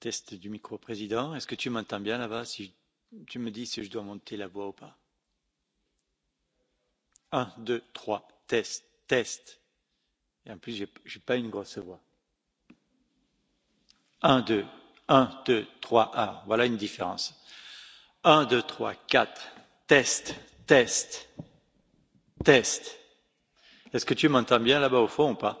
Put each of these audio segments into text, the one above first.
test du micro président est ce que tu m'entends bien là bas si tu me dis si je dois monter la voix ou pas? un deux trois test test et en plus j'ai pas une grosse voix. un deux un deux trois un voilà une différence. un deux trois quatre test test test est ce que tu m'entends bien là bas au fond ou pas?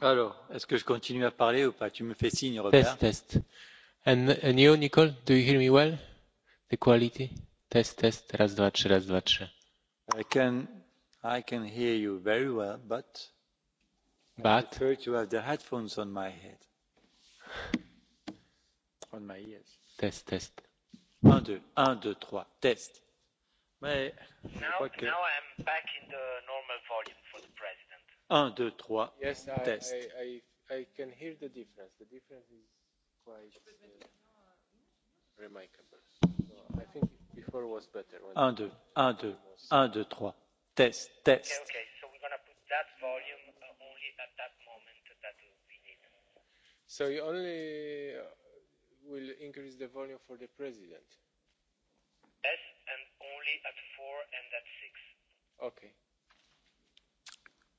Test, test. And, and you, Nicole, do you hear me well? The quality? Test, test. Raz, dwa, trzy, raz, dwa, trzy. I can, I can hear you very well, but, but I prefer to have the headphones on my head. On my ears. Test, test. Un, deux, un, deux, trois. Test. Mais je now, crois que... now I'm back in the normal volume for the present. 1, 2, 3, test. I, I, I can hear the difference. The difference is 1, 2, 1, 2, 1, 2, 3, test, test. Okay, okay. So we're going put that volume uh, only at that moment that we need. So you only uh, will increase the volume for the president? Yes, and only at 4 and at 6. Okay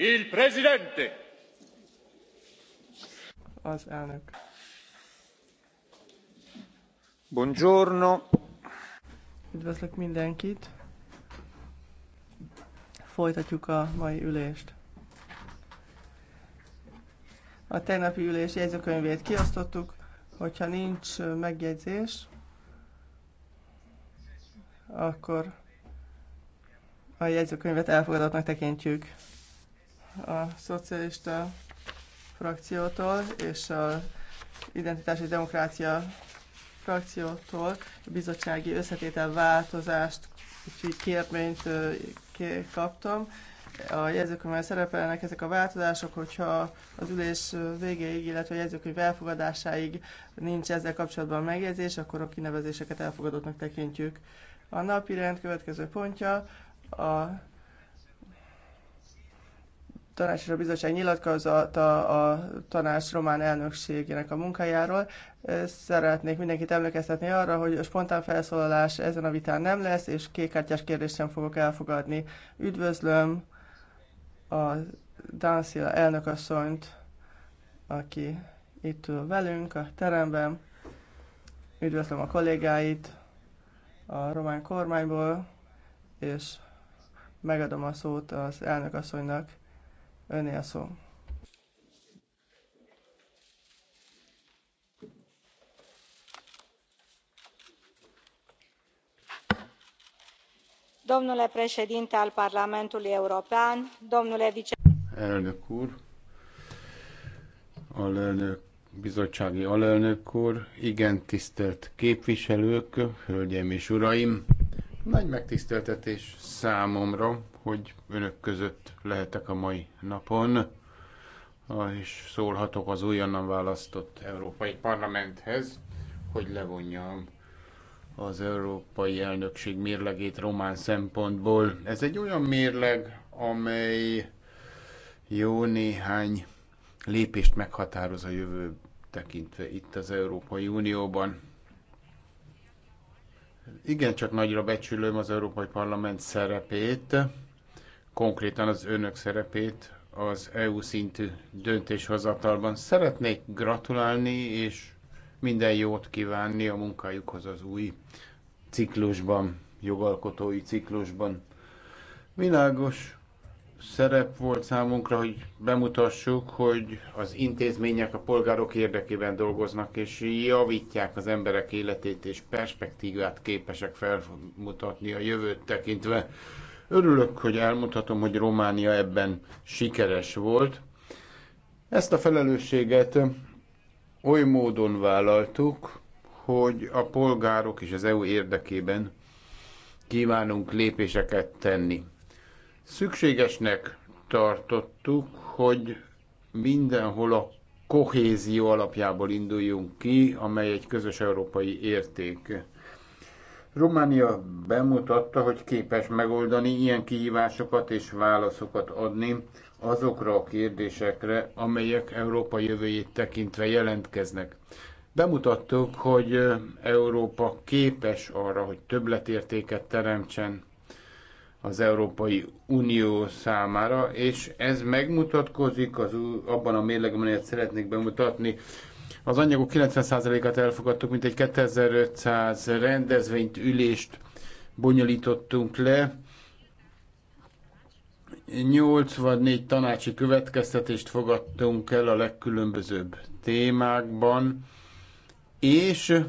Il presidente. Az elnök. Buongiorno. Üdvözlök mindenkit. Folytatjuk a mai ülést. A tegnapi ülés jegyzőkönyvét kiosztottuk, hogyha nincs megjegyzés, akkor a jegyzőkönyvet elfogadottnak tekintjük a szocialista frakciótól és a identitási demokrácia frakciótól bizottsági összetétel változást kérményt kaptam. A jegyzőkönyvben szerepelnek ezek a változások, hogyha az ülés végéig, illetve a jegyzőkönyv elfogadásáig nincs ezzel kapcsolatban megjegyzés, akkor a kinevezéseket elfogadottnak tekintjük. A napi rend következő pontja a tanács és a bizottság nyilatkozata a tanács román elnökségének a munkájáról. Szeretnék mindenkit emlékeztetni arra, hogy a spontán felszólalás ezen a vitán nem lesz, és kékkártyás kérdést sem fogok elfogadni. Üdvözlöm a Dánszila elnökasszonyt, aki itt ül velünk a teremben. Üdvözlöm a kollégáit a román kormányból, és megadom a szót az elnökasszonynak. Öné a szó. Domnule președinte al Parlamentului European, domnule vice... Elnök úr, alelnök, bizottsági alelnök úr, igen tisztelt képviselők, hölgyeim és uraim, nagy megtiszteltetés számomra, hogy önök között lehetek a mai napon, és szólhatok az újonnan választott Európai Parlamenthez, hogy levonjam az európai elnökség mérlegét román szempontból. Ez egy olyan mérleg, amely jó néhány lépést meghatároz a jövő tekintve itt az Európai Unióban. Igen, csak nagyra becsülöm az Európai Parlament szerepét konkrétan az önök szerepét az EU szintű döntéshozatalban. Szeretnék gratulálni, és minden jót kívánni a munkájukhoz az új ciklusban, jogalkotói ciklusban. Világos szerep volt számunkra, hogy bemutassuk, hogy az intézmények a polgárok érdekében dolgoznak, és javítják az emberek életét, és perspektívát képesek felmutatni a jövőt tekintve Örülök, hogy elmutatom, hogy Románia ebben sikeres volt. Ezt a felelősséget oly módon vállaltuk, hogy a polgárok és az EU érdekében kívánunk lépéseket tenni. Szükségesnek tartottuk, hogy mindenhol a kohézió alapjából induljunk ki, amely egy közös európai érték. Románia bemutatta, hogy képes megoldani ilyen kihívásokat és válaszokat adni azokra a kérdésekre, amelyek Európa jövőjét tekintve jelentkeznek. Bemutattuk, hogy Európa képes arra, hogy többletértéket teremtsen az Európai Unió számára, és ez megmutatkozik az, abban a mérlegben, amelyet szeretnék bemutatni. Az anyagok 90%-át elfogadtuk, mint egy 2500 rendezvényt, ülést bonyolítottunk le. 84 tanácsi következtetést fogadtunk el a legkülönbözőbb témákban, és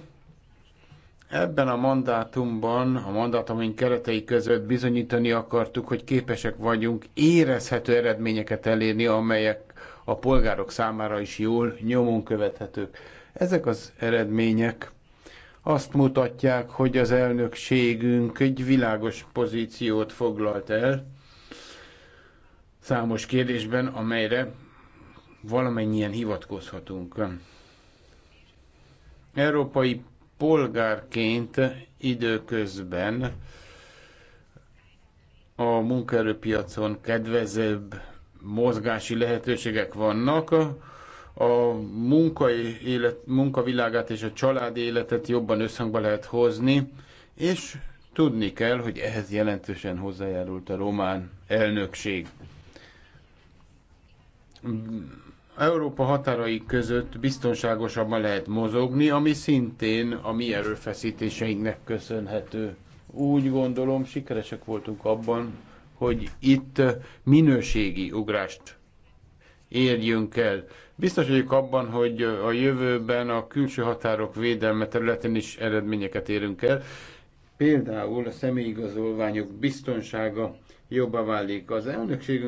ebben a mandátumban, a mandátumunk keretei között bizonyítani akartuk, hogy képesek vagyunk érezhető eredményeket elérni, amelyek a polgárok számára is jól nyomon követhetők. Ezek az eredmények azt mutatják, hogy az elnökségünk egy világos pozíciót foglalt el számos kérdésben, amelyre valamennyien hivatkozhatunk. Európai polgárként időközben a munkaerőpiacon kedvezőbb mozgási lehetőségek vannak, a munkai élet, munkavilágát és a család életet jobban összhangba lehet hozni, és tudni kell, hogy ehhez jelentősen hozzájárult a román elnökség. Európa határai között biztonságosabban lehet mozogni, ami szintén a mi erőfeszítéseinknek köszönhető. Úgy gondolom, sikeresek voltunk abban, hogy itt minőségi ugrást érjünk el. Biztos vagyok abban, hogy a jövőben a külső határok védelme területén is eredményeket érünk el. Például a személyigazolványok biztonsága jobbá válik. Az elnökségünk